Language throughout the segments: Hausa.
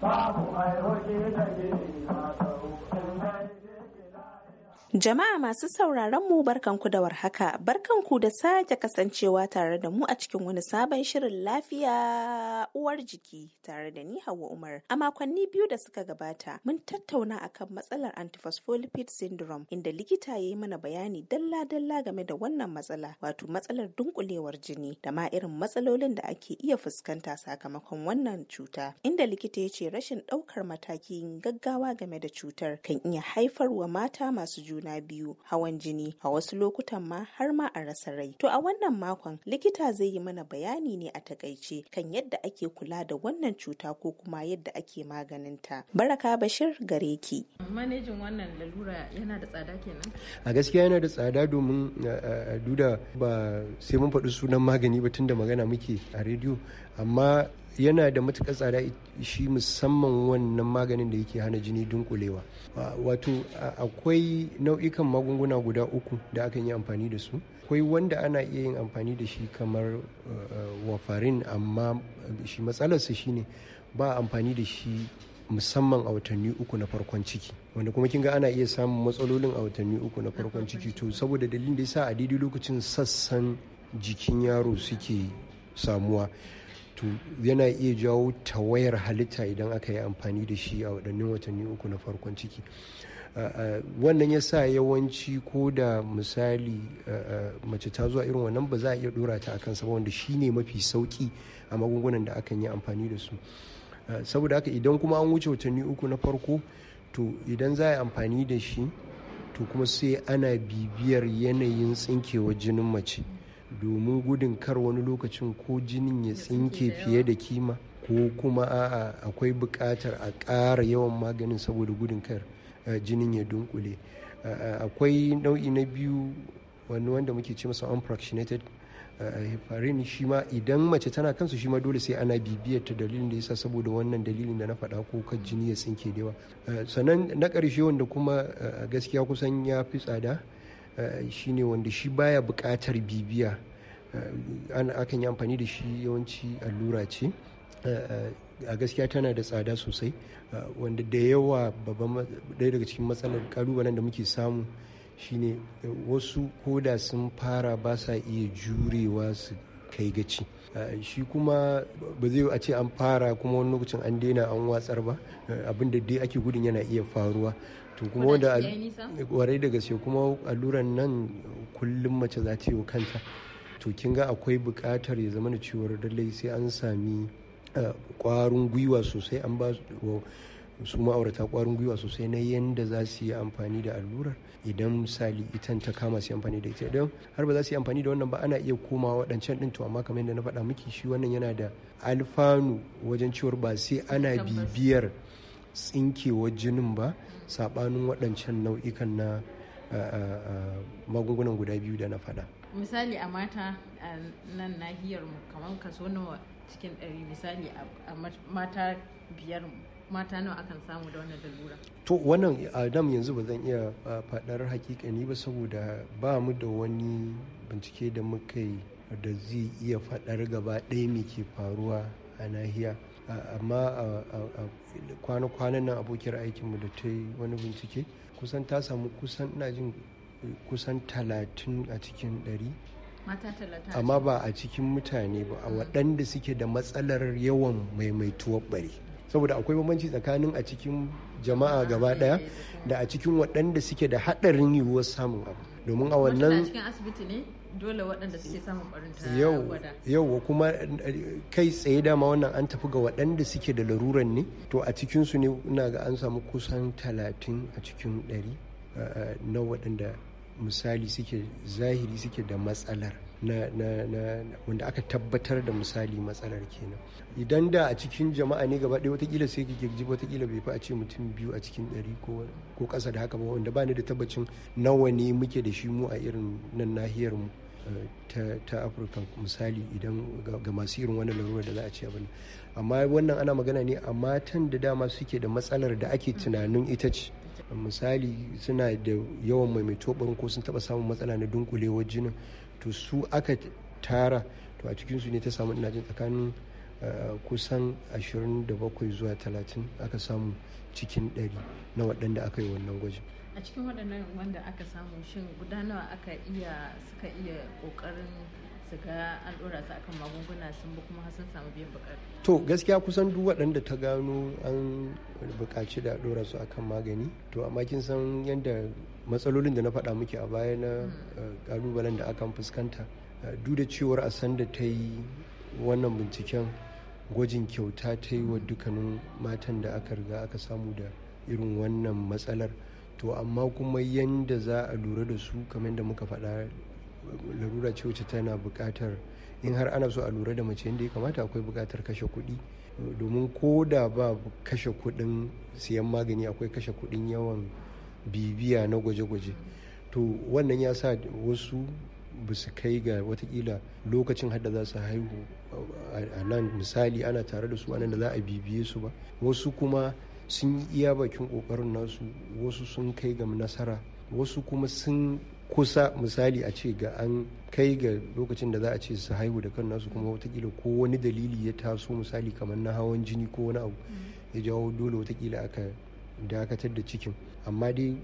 Babu mai hoji da ke Jama'a masu sauraron mu barkanku da warhaka, barkanku da sake kasancewa tare da mu a cikin wani sabon shirin lafiya uwar jiki tare da ni Hauwa Umar. A makonni biyu da suka gabata, mun tattauna akan matsalar antiphospholipid syndrome inda likita ya yi mana bayani dalla-dalla game da wannan matsala, wato matsalar dunkulewar jini da ma irin matsalolin da ake iya fuskanta sakamakon wannan cuta, inda likita ya ce rashin ɗaukar matakin gaggawa game da cutar kan iya haifarwa mata masu juna juna biyu hawan jini a wasu lokutan ma har ma a rasa rai to a wannan makon likita zai yi mana bayani ne a takaice kan yadda ake kula da wannan cuta ko kuma yadda ake maganinta baraka bashir gare ki manejin wannan lalura yana da tsada kenan a gaskiya yana da tsada domin duda ba sai mun faɗi sunan magani ba tunda magana muke a rediyo amma yana da matuƙar tsada shi musamman wannan maganin da yake hana jini dunkulewa wato akwai nau'ikan magunguna guda uku da aka yi amfani da su akwai wanda ana iya yin amfani da shi kamar uh, uh, warfarin amma shi matsalarsa shine ba amfani da shi musamman a watanni uku na farkon ciki wanda kuma kinga ana iya samun matsalolin a watanni uku na farkon ciki to saboda dalilin da yasa a daidai lokacin sassan jikin yaro suke samuwa to yana iya jawo tawayar halitta idan aka yi amfani da shi a waɗannan watanni uku na farkon ciki wannan ya sa yawanci ko da misali mace ta zuwa irin wannan ba za a iya dora ta a kan ba wanda shi ne mafi sauki a magungunan da akan yi amfani da su saboda haka idan kuma an wuce watanni uku na farko to idan za a yi amfani da shi to kuma sai ana bibiyar yanayin tsinkewar jinin mace. domin gudun kar wani lokacin ko jinin ya tsinke fiye da kima ko kuma a'a akwai buƙatar a ƙara yawan maganin saboda gudun kar jinin ya dunkule akwai nau'i na biyu wani wanda muke ce masa unfractionated heparin shi ma idan mace tana kansu shi ma dole sai ana bibiyar ta dalilin da yasa saboda wannan dalilin da na faɗa ko kan jini ya tsinke da yawa sannan na ƙarshe wanda kuma gaskiya kusan ya fi tsada Eh, shine wanda shi baya buƙatar bibiya eh, akan yi amfani da shi yawanci allura ce eh, a gaskiya tana da tsada sosai wanda da yawa babban ɗaya daga cikin matsalar kalubalen da muke samu shine wasu koda sun fara ba sa iya jurewa su kai gaci shi kuma ba zai a ce an fara kuma wani lokacin an daina an watsar ba abin da dai ake gudun yana iya faruwa to kuma wanda warai da gaske kuma alluran nan kullum mace za ta yi wa kanta to kin ga akwai buƙatar ya zama cewar lallai sai an sami kwarin eh, gwiwa sosai an ba su ma'aurata kwarin gwiwa sosai na yadda za su yi amfani da allurar idan misali itan ta kama su amfani da ita idan har ba za su yi amfani da wannan ba ana iya koma waɗancan ɗin to amma kamar yadda na faɗa miki shi wannan yana da alfanu wajen cewar ba sai ana bibiyar tsinkewar jinin ba saɓanin waɗancan nau'ikan na magungunan guda biyu da na faɗa. misali a mata a nan nahiyar mu kamar kaso nawa cikin ɗari misali a mata biyar mata nawa akan samu da wannan lalura to wannan adam yanzu ba zan iya faɗar hakikani ba saboda ba mu da wani bincike da muka yi da zai iya faɗar gaba ɗaya me ke faruwa a nahiya amma kwana-kwanan nan abokiyar aikinmu da ta yi wani bincike kusan ta samu kusan ina jin kusan talatin a cikin ɗari amma ba a cikin mutane ba a waɗanda suke da matsalar yawan maimaituwar bari saboda akwai bambanci tsakanin a cikin jama'a gaba ɗaya da a cikin waɗanda suke da haɗarin yiwuwar samun abu domin a wannan cikin asibiti kuma eh, kai tsaye dama wannan an tafi ga waɗanda suke da laruran ne to a cikinsu ne ina ga an samu kusan talatin a cikin ɗari eh, eh, na waɗanda misali suke zahiri suke da matsalar na, na, na wanda aka tabbatar da misali matsalar kenan idan da a cikin jama'a ne gaba ɗaya watakila sai ka girji watakila bai fi a ce mutum biyu a cikin ɗari ko ƙasa da haka ba wanda ba ni da tabbacin nawa ne muke da shi mu a irin nan nahiyar mu eh, ta afirka misali idan ga masu irin wannan larurar da za a ce abin amma wannan ana magana ne a matan da dama suke da matsalar da ake tunanin ita ce misali suna da yawan maimaito ko sun taba samun matsala na dunkulewar jinin to su aka tara to a cikinsu ne ta samu ina jin tsakanin eh, kusan 27 zuwa 30 aka samu cikin 100 na waɗanda aka yi wannan gwajin a cikin waɗannan wanda aka samu shin guda nawa aka iya suka iya ƙoƙarin su ga an ɗora su akan magunguna sun bi kuma sun samu biyan buƙatu to gaskiya kusan duk waɗanda ta gano an buƙaci da ɗora su akan magani to amma kin san yadda matsalolin da na faɗa muke a baya na hmm. eh, ƙalubalen da akan fuskanta eh, duk da cewar a sanda ta yi wannan binciken gwajin kyauta ta yi wa dukkanin matan da aka riga aka samu da irin wannan matsalar to amma kuma yadda za a lura da su kamar yadda muka faɗa larura ce wacce tana buƙatar in har ana so a lura da mace yadda ya kamata akwai buƙatar kashe kuɗi domin ko da ba kashe kuɗin siyan magani akwai kashe kuɗin yawan bibiya na gwaje-gwaje to wannan ya sa wasu ba su kai ga watakila lokacin hada za su haihu a nan misali ana tare da su a da za a bibiye su ba wasu kuma sun iya bakin kokarin nasu wasu sun kai ga nasara wasu kuma sun kusa misali a ce ga an kai ga lokacin da za a ce su haihu da kan nasu kuma watakila ko wani dalili ya taso misali kamar na hawan jini ko wani abu ya jawo dole watakila aka dakatar da cikin amma dai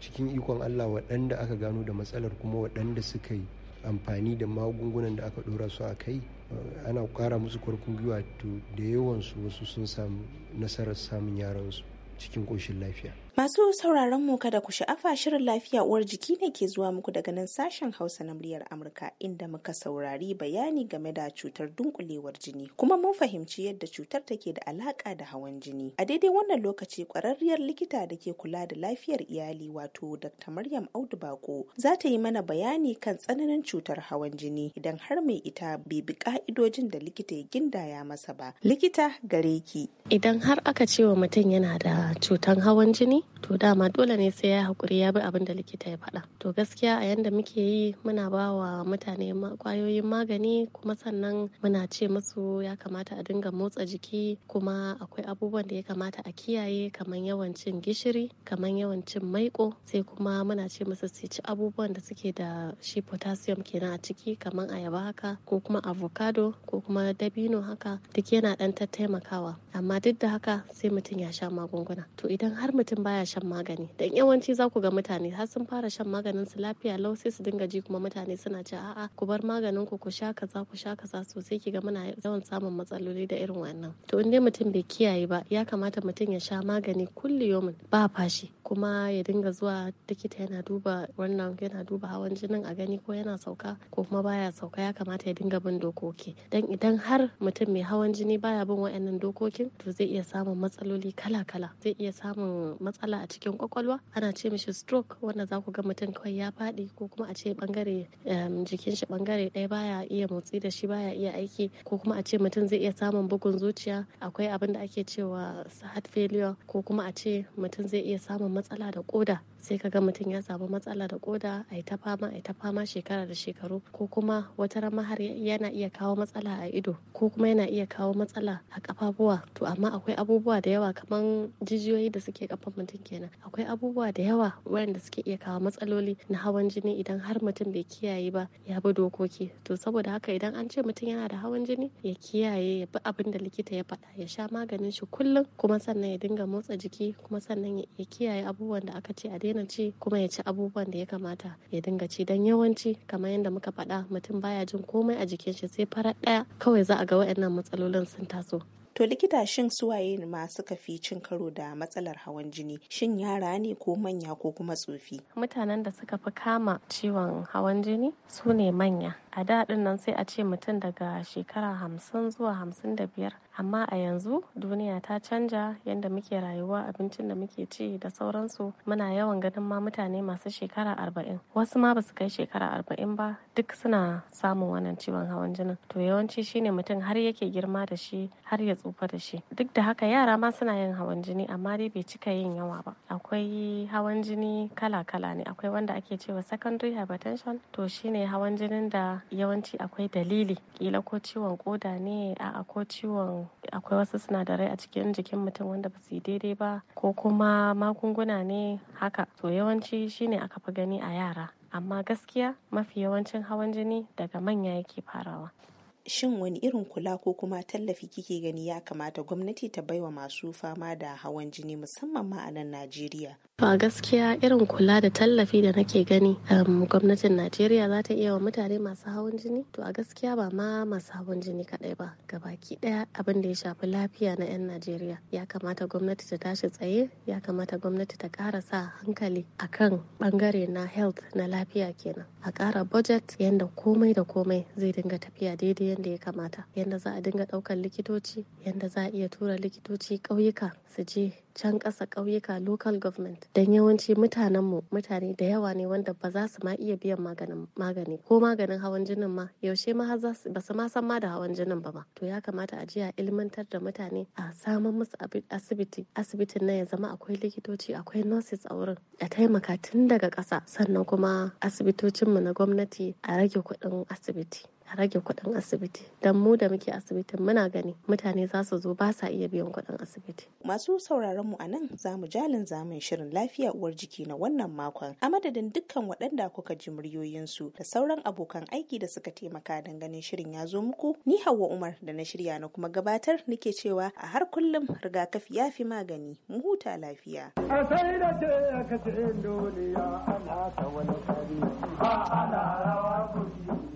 cikin ikon allah waɗanda aka gano da matsalar kuma waɗanda suka yi amfani da magungunan da aka ɗora su a kai eh, ana ƙara musu kwarkun gwiwa to da yawansu wasu sun samu nasarar samun yaransu cikin ƙoshin lafiya Masu sauraron mu kada ku sha'afa shirin lafiya uwar jiki ne ke zuwa muku daga nan sashen Hausa na muryar Amurka inda muka saurari bayani game da cutar dunkulewar jini kuma mun fahimci yadda cutar take da alaka da hawan jini. A daidai wannan lokaci kwararriyar likita da ke kula da lafiyar iyali wato Dr. Maryam Audu Bako za ta yi mana bayani kan tsananin cutar hawan jini idan har mai ita bai bi ka'idojin da likita ya gindaya masa ba. Likita gare ki. Idan har aka ce wa mutum yana da cutar hawan jini to dama dole ne sai ya haƙuri ya bi abin da likita ya faɗa to gaskiya a yanda muke yi muna ba wa mutane kwayoyin magani kuma sannan muna ce musu ya kamata a dinga motsa jiki kuma akwai abubuwan da ya kamata a kiyaye kamar yawan cin gishiri kamar yawan cin maiko sai kuma muna ce musu su ci abubuwan da suke da shi potassium kenan a ciki kamar ayaba haka ko kuma avocado ko kuma dabino haka duk yana ɗan taimakawa amma duk da haka sai mutum ya sha magunguna to idan har mutum ba baya shan magani dan yawanci za ku ga mutane har sun fara shan maganin su lafiya lau sai su dinga ji kuma mutane suna ce a'a ku bar maganin ku ku sha kaza ku sha kaza sosai ki ga muna yawan samun matsaloli da irin wannan to in dai mutum bai kiyaye ba ya kamata mutum ya sha magani kulli yomin ba fashi kuma ya dinga zuwa likita yana duba wannan yana duba hawan jinin a gani ko yana sauka ko kuma baya sauka ya kamata ya dinga bin dokoki dan idan har mutum mai hawan jini baya bin wa'annan dokokin to zai iya samun matsaloli kala-kala zai iya samun matsaloli matsala a cikin kwakwalwa ana ce mishi stroke wanda za ku ga mutum kawai ya faɗi ko kuma a ce bangare ehm, jikin shi bangare ɗaya baya iya motsi da shi baya iya aiki ko kuma a ce mutum zai iya samun bugun zuciya akwai abin da ake cewa heart failure ko kuma a ce mutum zai iya samun matsala da koda sai ka ga mutum ya samu matsala da koda a ta fama a ta fama shekara da shekaru ko kuma wata rama har yana iya kawo matsala a ido ko kuma yana iya kawo matsala a kafafuwa to amma akwai abubuwa da yawa kaman jijiyoyi da suke kafan mutum kenan akwai abubuwa da yawa waɗanda suke iya kawo matsaloli na hawan jini idan har mutum bai kiyaye ba ya bi dokoki to saboda haka idan an ce mutum yana da hawan jini ya kiyaye ya bi abin da likita ya faɗa ya sha maganin shi kullum kuma sannan ya dinga motsa jiki kuma sannan ya kiyaye abubuwan da aka ce a daina daina ci kuma ya ci abubuwan da ya kamata ya dinga ci don yawanci kamar yadda muka faɗa mutum baya jin komai a jikin shi sai farar ɗaya kawai za a ga waɗannan matsalolin sun taso To likita shin suwaye ma suka fi cin karo da matsalar hawan jini? Shin yara ne ko manya ko kuma tsofi? Mutanen da suka fi kama ciwon hawan jini su ne manya. a da nan sai a ce mutum daga shekara hamsin zuwa hamsin da biyar amma a yanzu duniya ta canja yadda muke rayuwa abincin da muke ci da sauransu muna yawan ganin ma mutane masu shekara arba'in wasu ma basu kai shekara arba'in ba duk suna samun wannan ciwon hawan jinin to yawanci shine mutum har yake girma da shi har ya tsufa da shi duk da haka yara ma suna yin hawan jini amma dai bai cika yin yawa ba akwai hawan jini kala kala ne akwai wanda ake cewa secondary hypertension to shine hawan jinin da yawanci akwai dalili kila ko ciwon koda ne a'a ko ciwon akwai wasu sinadarai a cikin jikin mutum wanda ba su yi daidai ba ko kuma magunguna ne haka to yawanci shine aka fi gani a yara amma gaskiya mafi yawancin hawan jini daga manya yake farawa shin wani irin kula ko kuma tallafi kike gani ya kamata gwamnati ta baiwa masu fama da hawan jini musamman ma a nan najeriya to a gaskiya irin kula da tallafi da nake gani um, gwamnatin najeriya za ta iya wa mutane masu hawan jini to a gaskiya ba ma masu hawan jini kadai ba gabaki daya abin da ya shafi lafiya na 'yan najeriya ya kamata gwamnati ta tashi tsaye ya kamata gwamnati ta kara sa hankali akan bangare na health na lafiya kenan a kara budget yadda komai da komai zai dinga tafiya daidai yadda ya kamata yadda za a dinga ɗaukar likitoci yadda za a iya tura likitoci ƙauyuka su je can ƙasa ƙauyuka local government don yawanci mutanenmu mutane da yawa ne wanda ba za su ma iya biyan magani ko maganin hawan jinin ma yaushe ma ba su ma san ma da hawan jinin ba ma to ya kamata a je a ilmantar da mutane a samun musu asibiti asibitin nan ya zama akwai likitoci akwai nurses a wurin a taimaka tun daga ƙasa sannan kuma asibitocinmu na gwamnati a rage kuɗin asibiti a rage kuɗin asibiti don mu da muke asibitin muna gani mutane za su zo ba sa iya biyan kuɗin asibiti. Masu sauraron mu a nan za mu jalin zamun shirin lafiya uwar jiki na wannan makon a madadin dukkan waɗanda kuka ji muryoyinsu da sauran abokan aiki da suka taimaka don ganin shirin ya zo muku ni Hauwa Umar da na shirya na kuma gabatar nake cewa a har kullum rigakafi ya fi magani mu huta lafiya. A sai da ce ka ce duniya ana ta wani kari ba ana rawa kuɗi.